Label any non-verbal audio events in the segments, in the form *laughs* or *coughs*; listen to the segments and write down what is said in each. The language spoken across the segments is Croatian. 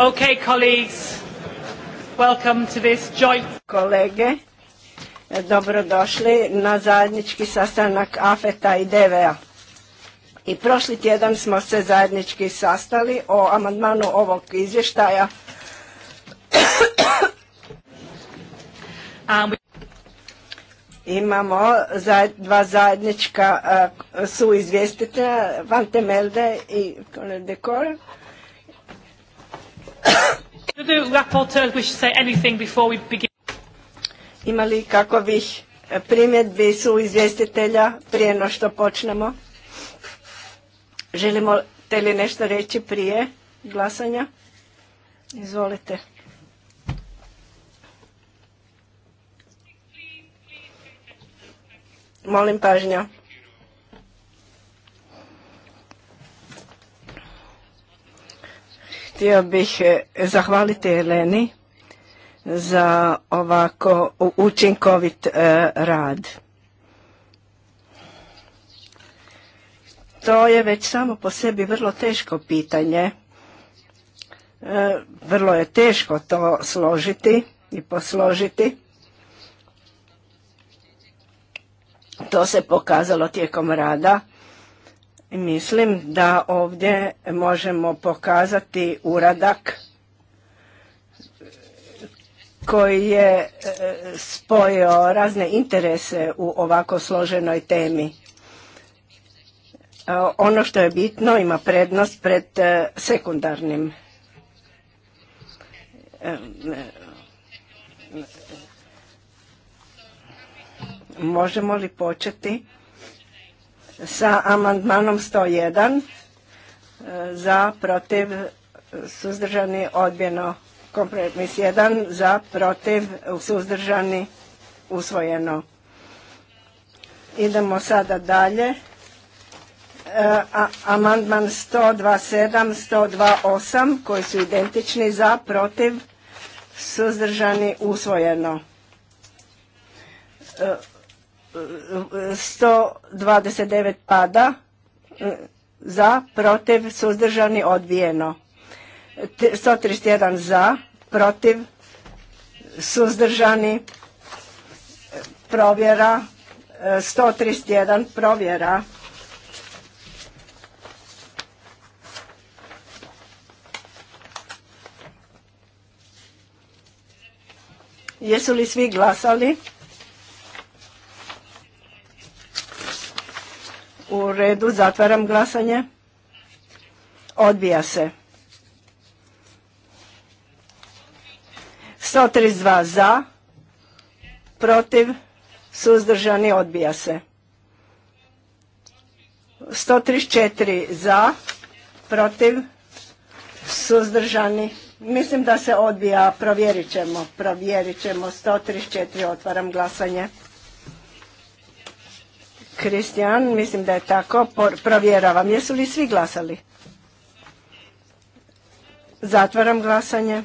Okay, colleagues. Welcome to this joint... Kolege, dobrodošli na zajednički sastanak AFETA i DVA. I prošli tjedan smo se zajednički sastali o amandmanu ovog izvještaja. *coughs* Um, Imamo dva zajednička uh, su izvjestitelja, Van Temelde i Decor ima li kakovih e, primjedbi su izvjestitelja prije no što počnemo? Želimo te li nešto reći prije glasanja? Izvolite. Molim pažnja. Htio bih e, zahvaliti Eleni za ovako učinkovit e, rad. To je već samo po sebi vrlo teško pitanje. E, vrlo je teško to složiti i posložiti. To se pokazalo tijekom rada Mislim da ovdje možemo pokazati uradak koji je spojio razne interese u ovako složenoj temi. Ono što je bitno ima prednost pred sekundarnim. Možemo li početi? sa amandmanom 101 e, za protiv suzdržani odbjeno kompromis 1 za protiv suzdržani usvojeno idemo sada dalje e, amandman 127 128 koji su identični za protiv suzdržani usvojeno e, 129 pada e, za, protiv, suzdržani, odbijeno. 131 za, protiv, suzdržani, provjera, 131 e, provjera. Jesu li svi glasali? U redu, zatvaram glasanje. Odbija se. 132 za, protiv, suzdržani, odbija se. 134 za, protiv, suzdržani. Mislim da se odbija, provjerit ćemo, provjerit ćemo. 134, otvaram glasanje. Kristijan, mislim da je tako, provjeravam. Jesu li svi glasali? Zatvaram glasanje.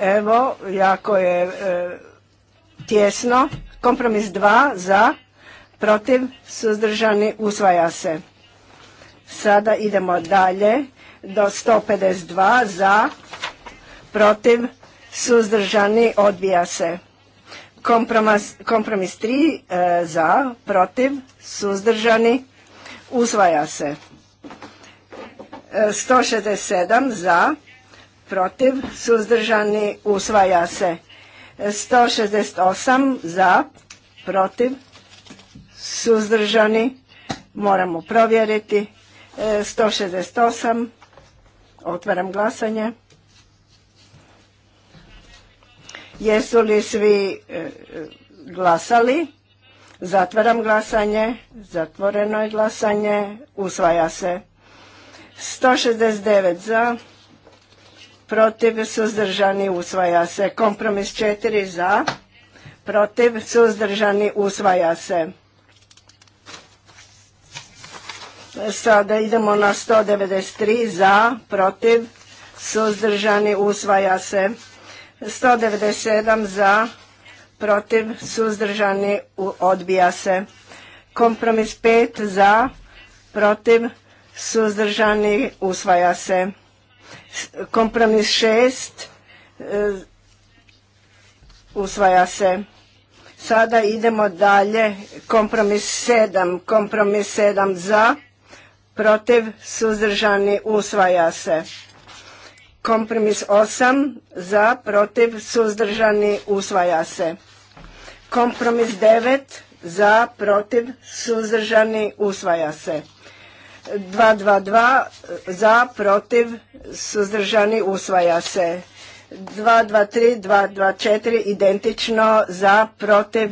Evo, jako je e, tjesno. Kompromis 2 za, protiv, suzdržani, usvaja se. Sada idemo dalje do 152 za, protiv, suzdržani, odbija se. Kompromis, kompromis 3 e, za, protiv, suzdržani, usvaja se. 167 e, za, protiv, suzdržani, usvaja se. 168 e, za, protiv, suzdržani, moramo provjeriti. 168, otvaram glasanje. Jesu li svi e, glasali? Zatvaram glasanje. Zatvoreno je glasanje. Usvaja se. 169 za. Protiv suzdržani usvaja se. Kompromis 4 za. Protiv suzdržani usvaja se. Sada idemo na 193 za. Protiv suzdržani usvaja se. 197 za, protiv, suzdržani, odbija se. Kompromis 5 za, protiv, suzdržani, usvaja se. Kompromis 6 e, usvaja se. Sada idemo dalje, kompromis 7, kompromis 7 za, protiv, suzdržani, usvaja se. Kompromis 8 za, protiv, suzdržani, usvaja se. Kompromis 9 za, protiv, suzdržani, usvaja se. 222 za, protiv, suzdržani, usvaja se. 223, 224 identično za, protiv,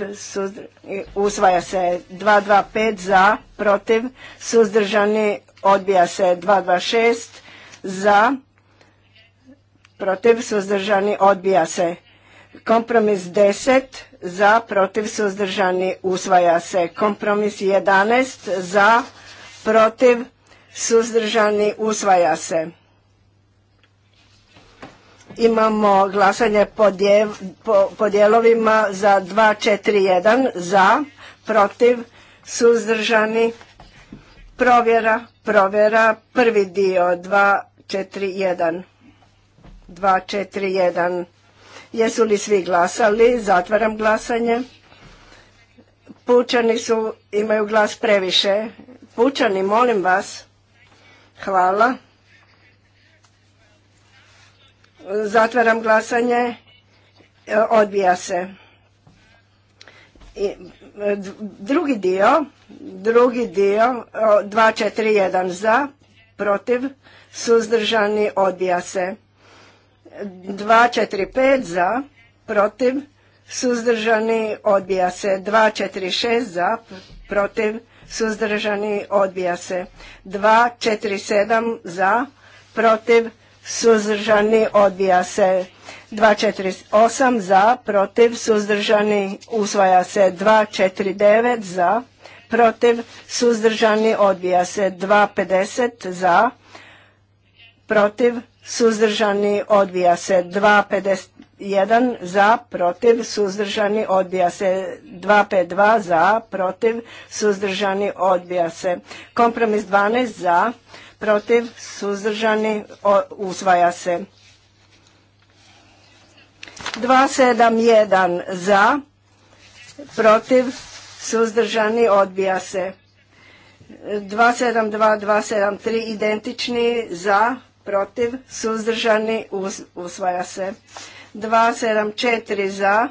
usvaja se. 225 za, protiv, suzdržani, odbija se. 226 za, protiv, protiv suzdržani odbija se. Kompromis 10 za protiv suzdržani usvaja se. Kompromis 11 za protiv suzdržani usvaja se. Imamo glasanje po, dijelovima za 2, dijelovima za za protiv suzdržani provjera provjera prvi dio 2, 4, 1. 241. Jesu li svi glasali? Zatvaram glasanje. Pučani su, imaju glas previše. Pučani, molim vas. Hvala. Zatvaram glasanje. E, odbija se. drugi dio, drugi dio, jedan za, protiv, suzdržani, odbija se. 245 za, protiv, suzdržani, odbija se. 246 za, protiv, suzdržani, odbija se. 247 za, protiv, suzdržani, odbija se. 248 za, protiv, suzdržani, usvaja se. 249 za, protiv, suzdržani, odbija se. 250 za, protiv, suzdržani odbija se 251 za protiv suzdržani odbija se 252 za protiv suzdržani odbija se kompromis 12 za protiv suzdržani usvaja se 271 za protiv suzdržani odbija se 272 273 identični za protiv, suzdržani, usvaja se. 274 za,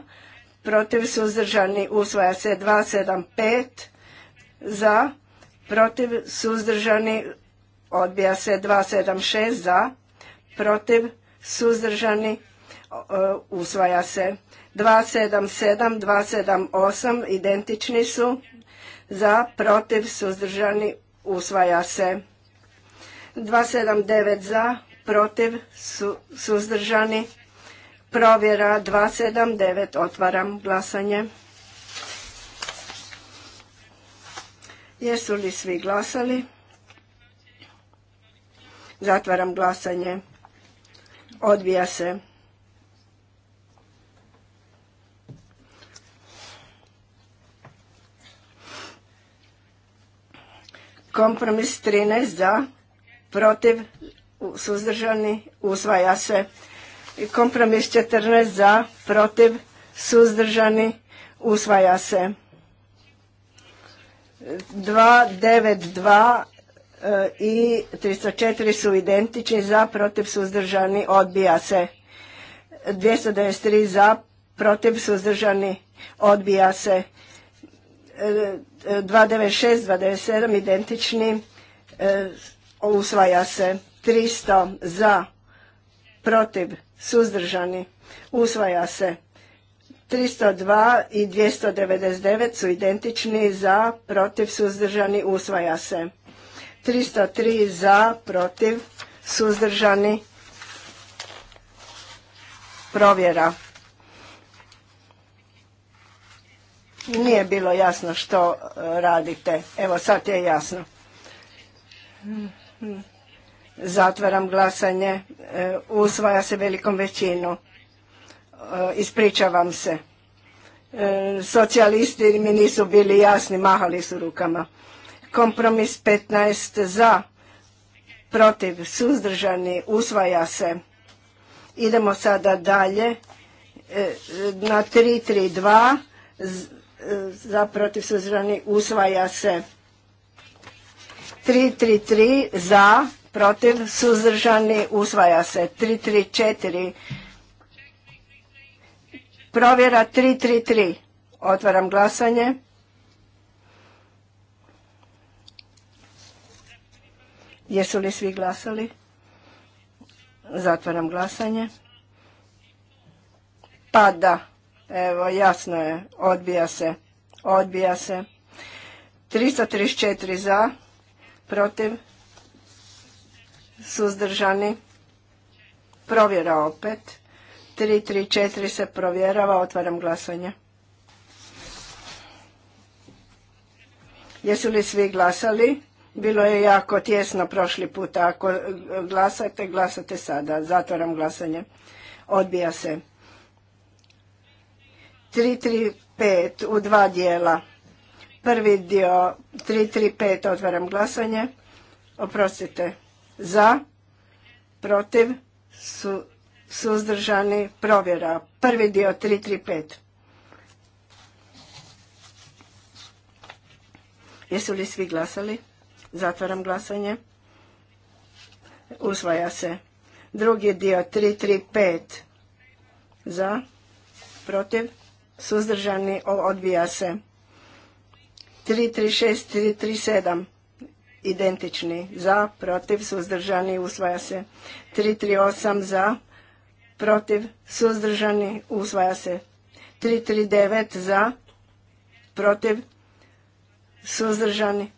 protiv, suzdržani, usvaja se. 275 za, protiv, suzdržani, odbija se. 276 za, protiv, suzdržani, usvaja se. 277, 278 identični su, za, protiv, suzdržani, usvaja se. 279 za, protiv, su, suzdržani. Provjera 279, otvaram glasanje. Jesu li svi glasali? Zatvaram glasanje. Odbija se. Kompromis 13 za, protiv, suzdržani, usvaja se. Kompromis 14 za, protiv, suzdržani, usvaja se. 292 e, i 304 su identični za, protiv, suzdržani, odbija se. 293 za, protiv, suzdržani, odbija se. 296, e, 297 e, identični usvaja se 300 za protiv suzdržani usvaja se 302 i 299 su identični za protiv suzdržani usvaja se 303 za protiv suzdržani provjera nije bilo jasno što e, radite evo sad je jasno Zatvaram glasanje. E, usvaja se velikom većinom. E, ispričavam se. E, socijalisti mi nisu bili jasni, mahali su rukama. Kompromis 15 za, protiv, suzdržani, usvaja se. Idemo sada dalje na 3-3-2, za protiv suzdržani usvaja se 333 za, protiv, suzdržani, usvaja se. 334. Provjera 333. Otvaram glasanje. Jesu li svi glasali? Zatvaram glasanje. Pa da, Evo, jasno je. Odbija se. Odbija se. 334 za protiv, suzdržani, provjera opet. 4 se provjerava, otvaram glasanje. Jesu li svi glasali? Bilo je jako tjesno prošli puta. Ako e, glasate, glasate sada. Zatvaram glasanje. Odbija se. pet u dva dijela. Prvi dio 335 otvaram glasanje. Oprostite. Za, protiv, su, suzdržani, provjera. Prvi dio 335. Jesu li svi glasali? Zatvaram glasanje. Usvaja se. Drugi dio 335 za, protiv, suzdržani, odbija se. 336, 337 identični za, protiv, suzdržani, usvaja se. 338 za, protiv, suzdržani, usvaja se. 339 za, protiv, suzdržani.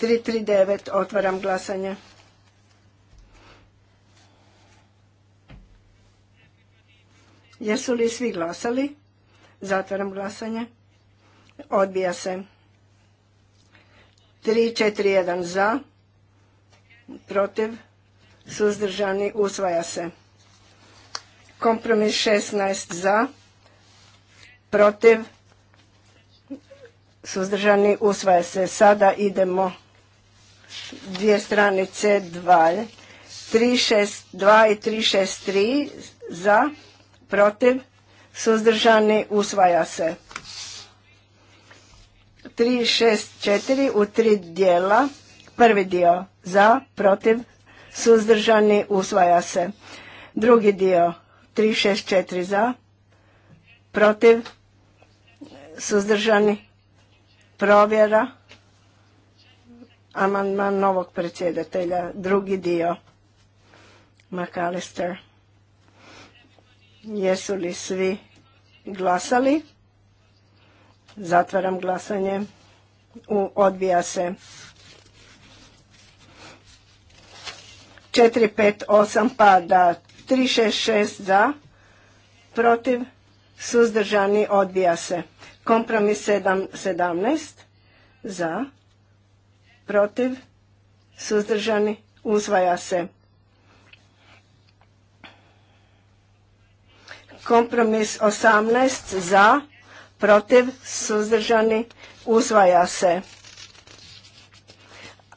339 otvaram glasanje. Jesu li svi glasali? Zatvaram glasanje. Odbija se. 3, 4, 1 za, protiv, suzdržani, usvaja se. Kompromis 16 za, protiv, suzdržani, usvaja se. Sada idemo dvije stranice, dva, 362 i 3 za, protiv, suzdržani, usvaja se. 364 u tri dijela. Prvi dio za, protiv, suzdržani, usvaja se. Drugi dio 364 za, protiv, suzdržani, provjera. Amandman novog predsjedatelja, drugi dio. McAllister. Jesu li svi glasali? Zatvaram glasanje. U, odbija se. 4, 5, 8, pada. 6, za. Protiv. Suzdržani odbija se. Kompromis 7, 17 za. Protiv. Suzdržani uzvaja se. Kompromis 18 za protiv, suzdržani, uzvaja se.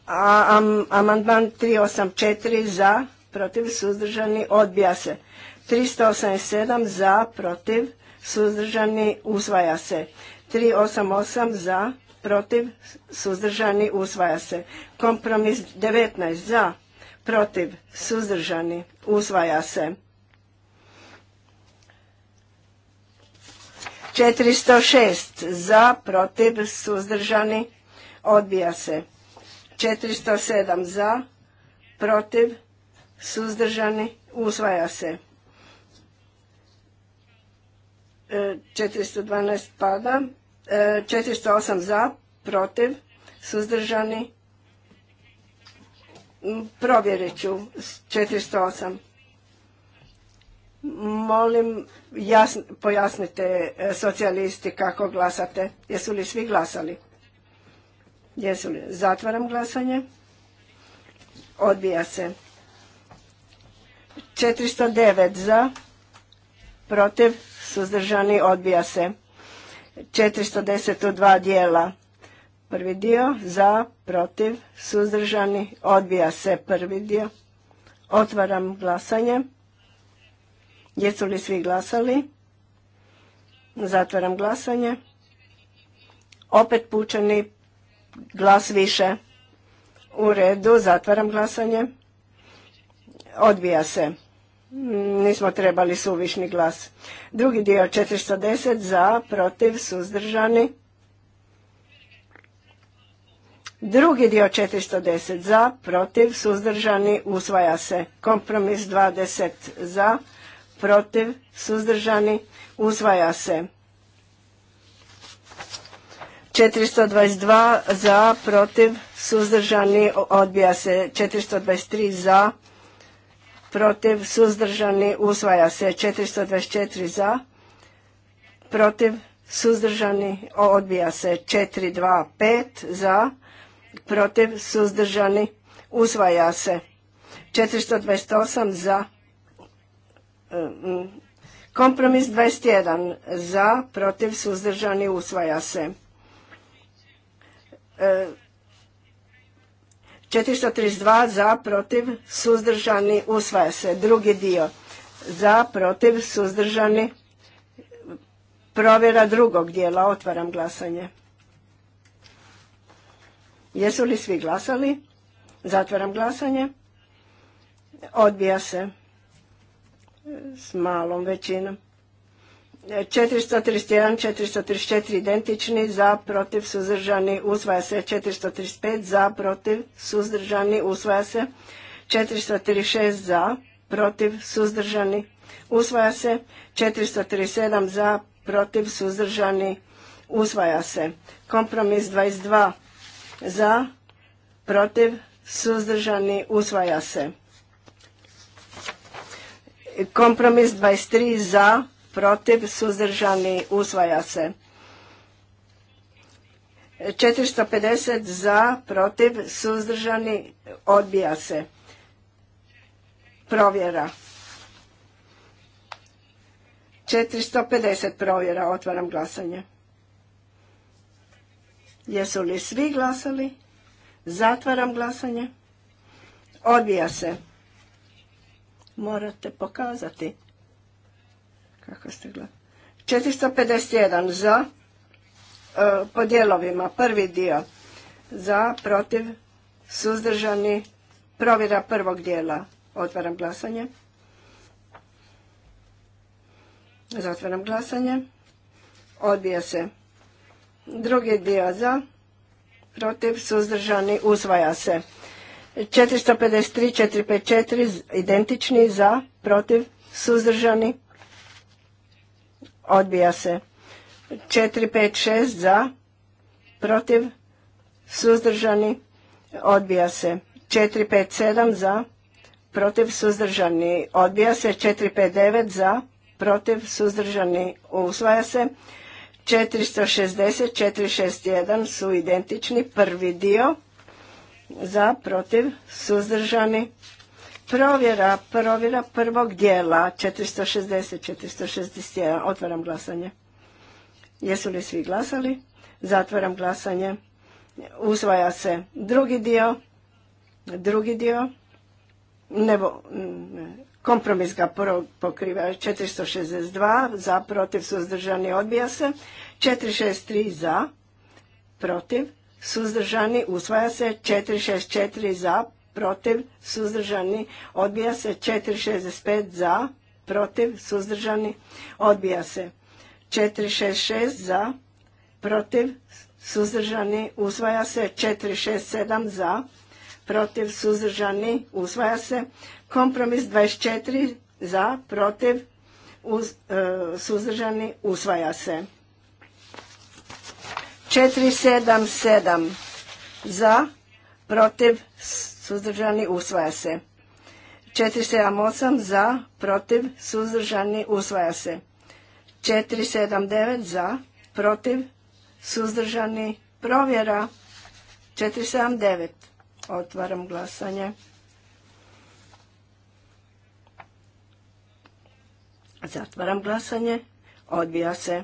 A, amandman 384 za, protiv, suzdržani, odbija se. 387 za, protiv, suzdržani, uzvaja se. 388 za, protiv, suzdržani, uzvaja se. Kompromis 19 za, protiv, suzdržani, uzvaja se. 406 za, protiv, suzdržani, odbija se. 407 za, protiv, suzdržani, usvaja se. 412 e, pada, 408 e, za, protiv, suzdržani, mm, provjerit ću 408. Molim, pojasnite e, socijalisti kako glasate. Jesu li svi glasali? Jesu li? Zatvaram glasanje. Odbija se. 409 za, protiv, suzdržani, odbija se. 410 u dva dijela. Prvi dio za, protiv, suzdržani, odbija se prvi dio. Otvaram glasanje. Jesu li svi glasali? Zatvaram glasanje. Opet pučeni glas više. U redu, zatvaram glasanje. Odbija se. Nismo trebali suvišni glas. Drugi dio 410 za, protiv, suzdržani. Drugi dio 410 za, protiv, suzdržani, usvaja se. Kompromis 20 za, protiv, suzdržani, uzvaja se. 422 za, protiv, suzdržani, odbija se. 423 za, protiv, suzdržani, usvaja se. 424 za, protiv, suzdržani, odbija se. 425 za, protiv, suzdržani, usvaja se. 428 za, Kompromis 21 za, protiv, suzdržani, usvaja se. 432 e, za, protiv, suzdržani, usvaja se. Drugi dio za, protiv, suzdržani, provjera drugog dijela, otvaram glasanje. Jesu li svi glasali? Zatvaram glasanje. Odbija se s malom većinom. 431, 434 identični, za, protiv, suzdržani, usvaja se. 435 za, protiv, suzdržani, usvaja se. 436 za, protiv, suzdržani, usvaja se. 437 za, protiv, suzdržani, usvaja se. Kompromis 22 za, protiv, suzdržani, usvaja se. Kompromis 23 za, protiv, suzdržani, usvaja se. 450 za, protiv, suzdržani, odbija se. Provjera. 450 provjera, otvaram glasanje. Jesu li svi glasali? Zatvaram glasanje. Odbija se morate pokazati. Kako ste gledali? 451 za, e, po dijelovima, prvi dio. Za, protiv, suzdržani, provjera prvog dijela. Otvaram glasanje. Zatvaram glasanje. Odbija se. Drugi dio za, protiv, suzdržani, usvaja se. 453, 454 identični za, protiv, suzdržani, odbija se. 456 za, protiv, suzdržani, odbija se. 457 za, protiv, suzdržani, odbija se. 459 za, protiv, suzdržani, usvaja se. 460, 461 su identični, prvi dio za, protiv, suzdržani. Provjera, provjera prvog dijela, 460, 461, otvaram glasanje. Jesu li svi glasali? Zatvaram glasanje. Usvaja se drugi dio, drugi dio, nebo, kompromis ga pokriva 462, za, protiv, suzdržani, odbija se, 463 za, protiv, suzdržani, usvaja se 464 za, protiv, suzdržani, odbija se 465 za, protiv, suzdržani, odbija se 466 za, protiv, suzdržani, usvaja se 467 za, protiv, suzdržani, usvaja se kompromis 24 za, protiv, e, suzdržani, usvaja se. 477 za, protiv, suzdržani, usvaja se. 478 za, protiv, suzdržani, usvaja se. 479 za, protiv, suzdržani, provjera. 479. Otvaram glasanje. Zatvaram glasanje. Odbija se.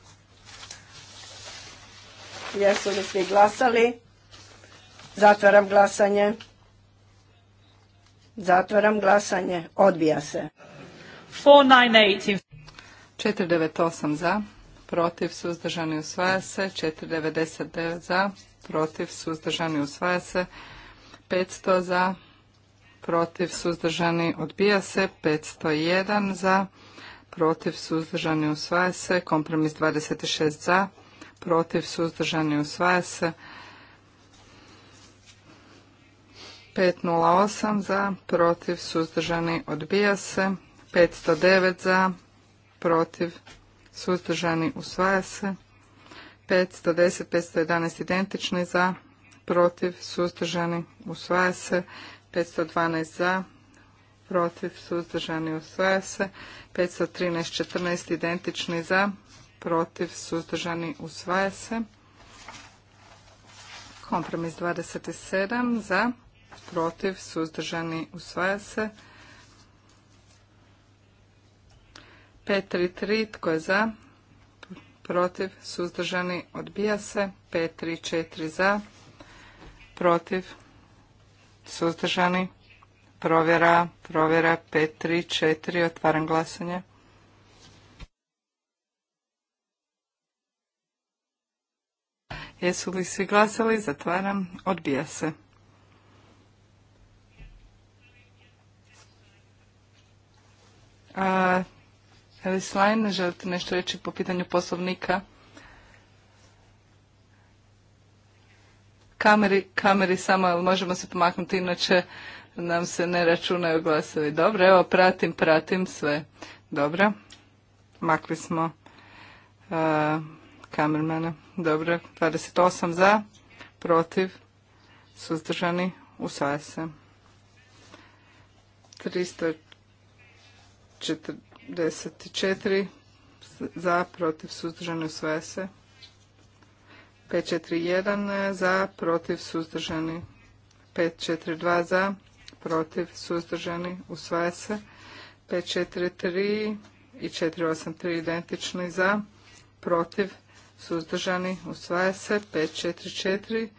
Jesu li svi glasali? Zatvaram glasanje. Zatvaram glasanje. Odbija se. 498 za, protiv, suzdržani, usvaja se. 499 za, protiv, suzdržani, usvaja se. 500 za, protiv, suzdržani, odbija se. 501 za, protiv, suzdržani, usvaja se. Kompromis 26 za, protiv, suzdržani, usvaja se. 508 za, protiv, suzdržani, odbija se. 509 za, protiv, suzdržani, usvaja se. 510, 511 identični za, protiv, suzdržani, usvaja se. 512 za, protiv, suzdržani, usvaja se. 513, 14 identični za, protiv, suzdržani, usvaja se. Kompromis 27 za, protiv, suzdržani, usvaja se. 533 tko je za, protiv, suzdržani, odbija se. 534 za, protiv, suzdržani, provjera, provjera 534, otvaram glasanje. Jesu li svi glasali? Zatvaram. Odbija se. Elis želite nešto reći po pitanju poslovnika? Kameri, samo, ali možemo se pomaknuti, inače nam se ne računaju glasovi. Dobro, evo, pratim, pratim sve. Dobro, makli smo... Kamermana. Dobro, 28 za, protiv, suzdržani, usvaja se. 344 za, protiv, suzdržani, usvaja se. 541 za, protiv, suzdržani, 542 za, protiv, suzdržani, usvaja se. 543 i 483 identični za, protiv, suzdržani, suzdržani, usvaja se, 544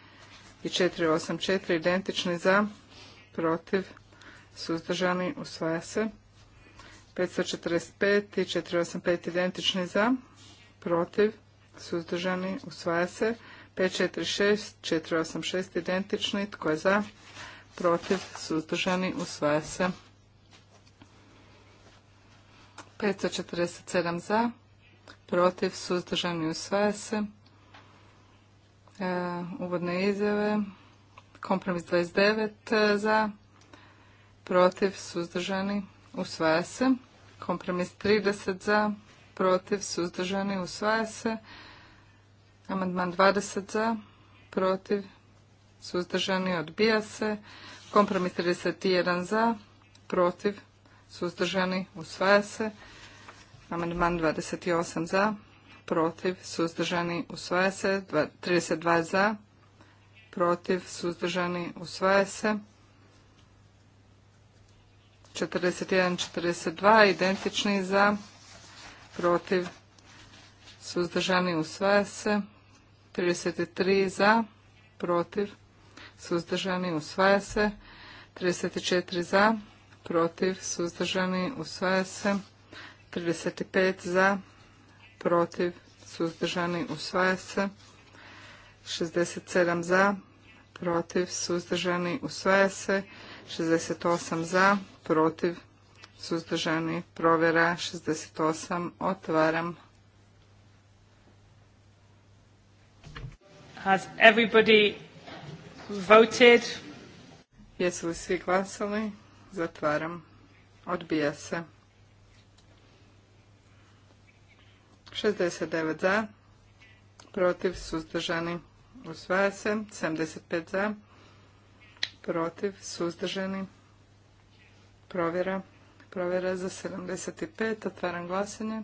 i 484 identični za, protiv, suzdržani, usvaja se, 545 i 485 identični za, protiv, suzdržani, usvaja se, 546, 486 identični, tko je za, protiv, suzdržani, usvaja se. 547 za, protiv, suzdržani, usvaja se. E, uvodne izjave, kompromis 29 e, za, protiv, suzdržani, usvaja se. Kompromis 30 za, protiv, suzdržani, usvaja se. Amandman 20 za, protiv, suzdržani, odbija se. Kompromis 31 za, protiv, suzdržani, usvaja se. Amandman 28 za, protiv, suzdržani, usvaja se. 32 za, protiv, suzdržani, usvaja se. 41, 42 identični za, protiv, suzdržani, usvaja se. 33 za, protiv, suzdržani, usvaja se. 34 za, protiv, suzdržani, usvaja se. 35 za, protiv, suzdržani, usvaja se. 67 za, protiv, suzdržani, usvaja se. 68 za, protiv, suzdržani, provjera. 68, otvaram. Has everybody voted? Jesu li svi glasali? Zatvaram. Odbija se. 69 za, protiv, suzdržani, usvaja se. 75 za, protiv, suzdržani, provjera. Provjera za 75, otvaram glasanje.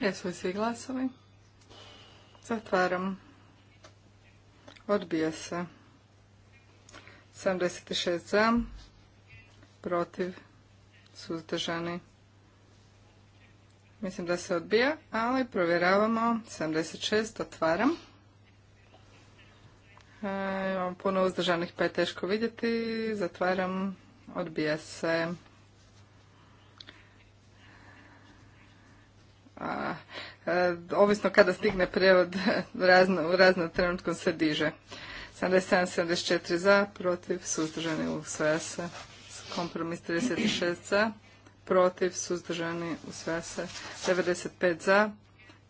Jesu li svi glasovi? Zatvaram. Odbija se. 76 za, protiv, suzdržani. Mislim da se odbija, ali provjeravamo. 76, otvaram. E, imamo puno uzdržanih, pa je teško vidjeti. Zatvaram, odbija se. E, ovisno kada stigne prijevod, *laughs* u raznom trenutku se diže. 77, 74 za, protiv, suzdržani, usvaja se. Kompromis 36 za, protiv, suzdržani, usvaja se. 95 za,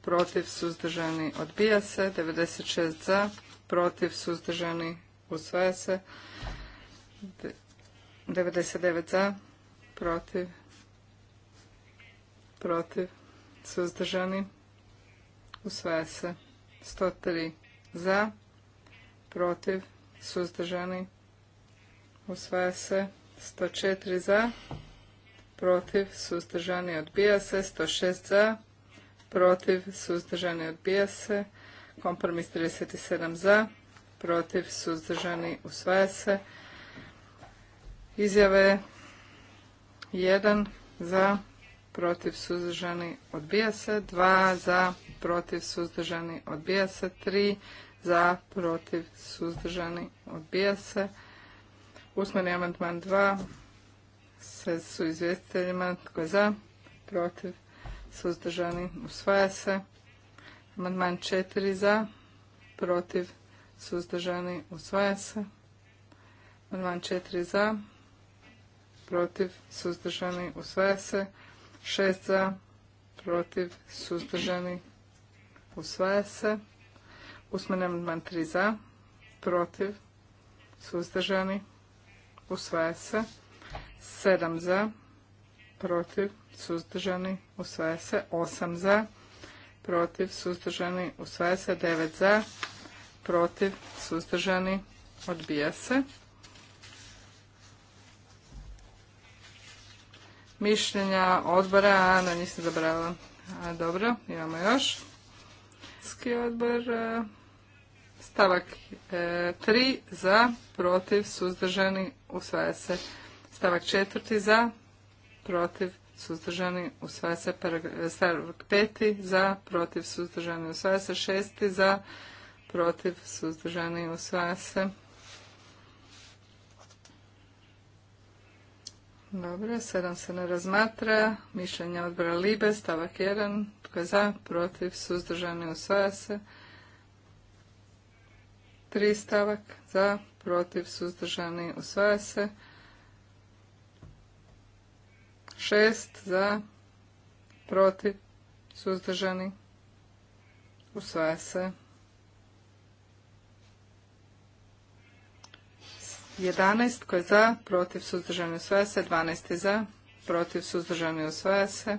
protiv, suzdržani, odbija se. 96 za, protiv, suzdržani, usvaja se. 99 za, protiv, protiv, suzdržani, usvaja se. 103 za, protiv, suzdržani, usvaja se. 104 za, protiv, suzdržani, odbija se. 106 za, protiv, suzdržani, odbija se. Kompromis 37 za, protiv, suzdržani, usvaja se. Izjave 1 za, protiv, suzdržani, odbija se. 2 za, protiv, suzdržani, odbija se. 3 za, protiv, suzdržani, odbija se. Usmeni amandman 2 Sve su izvjestiteljima. Tko je za? Protiv? Suzdržani? Usvaja se. Amandman 4 za? Protiv? Suzdržani? Usvaja se. Amandman 4 za? Protiv? Suzdržani? Usvaja se. 6 za? Protiv? Suzdržani? Usvaja se. Usmeni amandman 3 za? Protiv? Suzdržani? usvaja se. 7 za, protiv, suzdržani, usvaja se. 8 za, protiv, suzdržani, usvaja se. 9 za, protiv, suzdržani, odbija se. Mišljenja odbora, na njih se zabrala. A, dobro, imamo još. Ski odbor, Stavak 3 e, za, protiv, suzdržani, usvaja se. Stavak 4 za, protiv, suzdržani, usvaja se. E, stavak 5 za, protiv, suzdržani, usvaja se. 6 za, protiv, suzdržani, usvaja se. Dobro, sedam se ne razmatra. Mišljenje odbora Libe, stavak 1. Tko je za, protiv, suzdržani, usvaja se. Tri stavak za, protiv, suzdržani, usvaja se. Šest za, protiv, suzdržani, usvaja se. 11 tko je za, protiv, suzdržani, usvaja se. 12 za, protiv, suzdržani, usvaja se.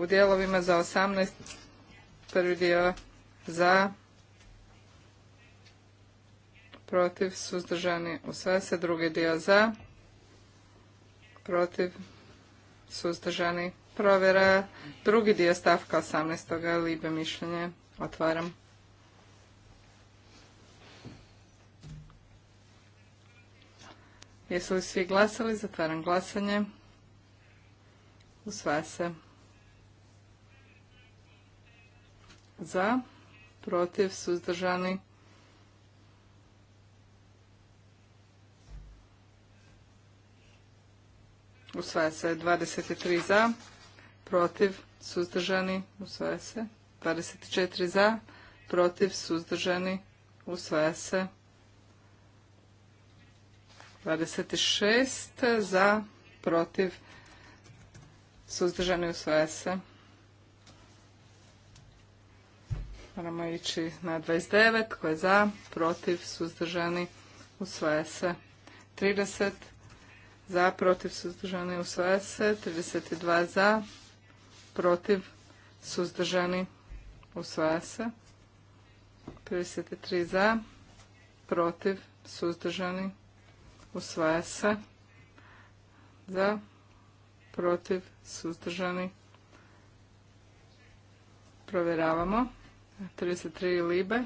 U dijelovima za osamnaest... Prvi dio za, protiv, suzdržani, sve se. Drugi dio za, protiv, suzdržani, provjera. Drugi dio stavka 18. libe mišljenje. Otvaram. Jesu li svi glasali? Zatvaram glasanje. Usvaja se. za, protiv, suzdržani. Usvaja se 23 za, protiv, suzdržani, usvaja se. 24 za, protiv, suzdržani, usvaja se. 26 za, protiv, suzdržani, usvaja se. Moramo ići na 29. Tko je za? Protiv? Suzdržani? Usvaja se. 30. Za? Protiv? Suzdržani? Usvaja se. 32. Za? Protiv? Suzdržani? Usvaja se. 33. Za? Protiv? Suzdržani? Usvaja se. Za? Protiv? Suzdržani? Provjeravamo. 33 libe.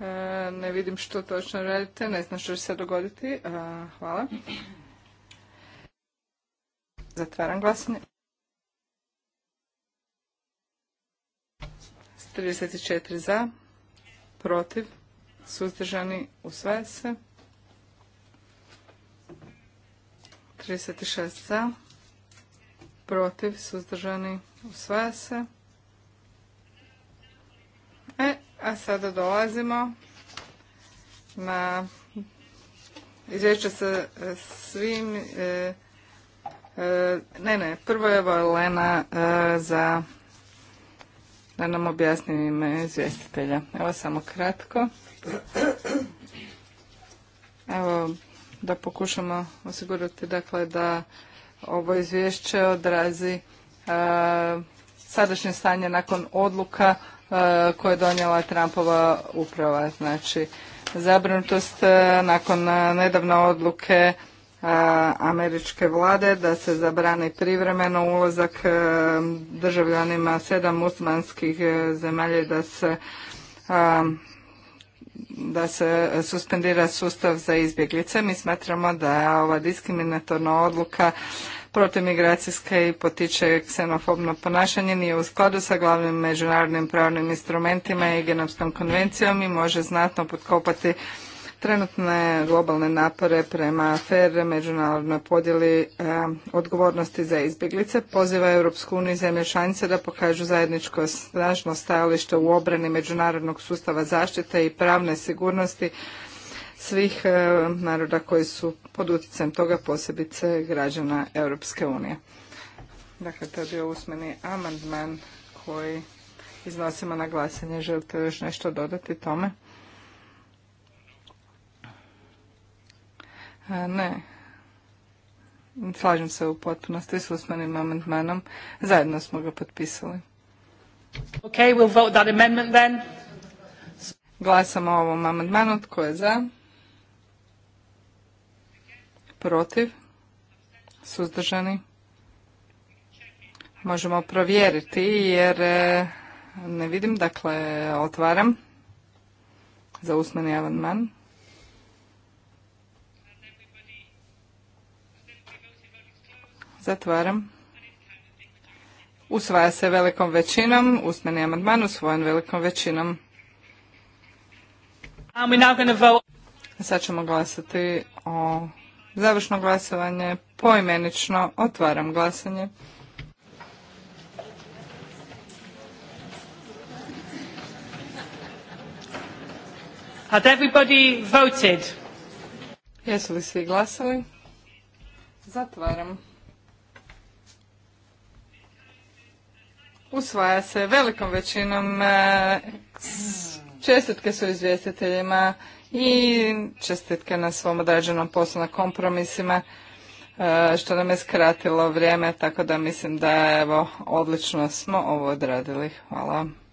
E, ne vidim što točno radite, ne znam što će se dogoditi. E, hvala. Zatvaram glasanje. 34 za, protiv, suzdržani, usvaja se. 36 za, protiv, suzdržani, usvaja se. A sada dolazimo na izvješće sa eh, svim... Eh, eh, ne, ne, prvo je Elena za da nam objasni ime izvjestitelja. Evo samo kratko. Evo, da pokušamo osigurati dakle da ovo izvješće odrazi sadašnje stanje nakon odluka E, koje je donijela Trumpova uprava. Znači, zabrinutost e, nakon e, nedavne odluke američke vlade da se zabrani privremeno ulazak državljanima sedam muslimanskih zemalja da se da se suspendira sustav za izbjeglice. Mi smatramo da je ova diskriminatorna odluka protimigracijske i potiče ksenofobno ponašanje, nije u skladu sa glavnim međunarodnim pravnim instrumentima i genomskom konvencijom i može znatno potkopati trenutne globalne napore prema fer međunarodnoj podjeli eh, odgovornosti za izbjeglice poziva Europsku uniju i zemlje članice da pokažu zajedničko snažno stajalište u obrani međunarodnog sustava zaštite i pravne sigurnosti svih e, naroda koji su pod utjecajem toga posebice građana Europske unije. Dakle, to je bio usmeni amandman koji iznosimo na glasanje. Želite još nešto dodati tome? E, ne. Slažem se u potpunosti s usmenim amandmanom. Zajedno smo ga potpisali. Okay, we'll vote that amendment then. Glasamo o ovom amandmanu. Tko je za? protiv, suzdržani. Možemo provjeriti jer e, ne vidim, dakle otvaram za usmeni amandman. Zatvaram. Usvaja se velikom većinom, usmeni amandman usvojen velikom većinom. Sad ćemo glasati o Završno glasovanje poimenično. Otvaram glasanje. Had everybody voted? Jesu li svi glasali? Zatvaram. Usvaja se velikom većinom. Eh, čestitke su izvjestiteljima i čestitke na svom odrađenom poslu na kompromisima e, što nam je skratilo vrijeme, tako da mislim da evo odlično smo ovo odradili. Hvala.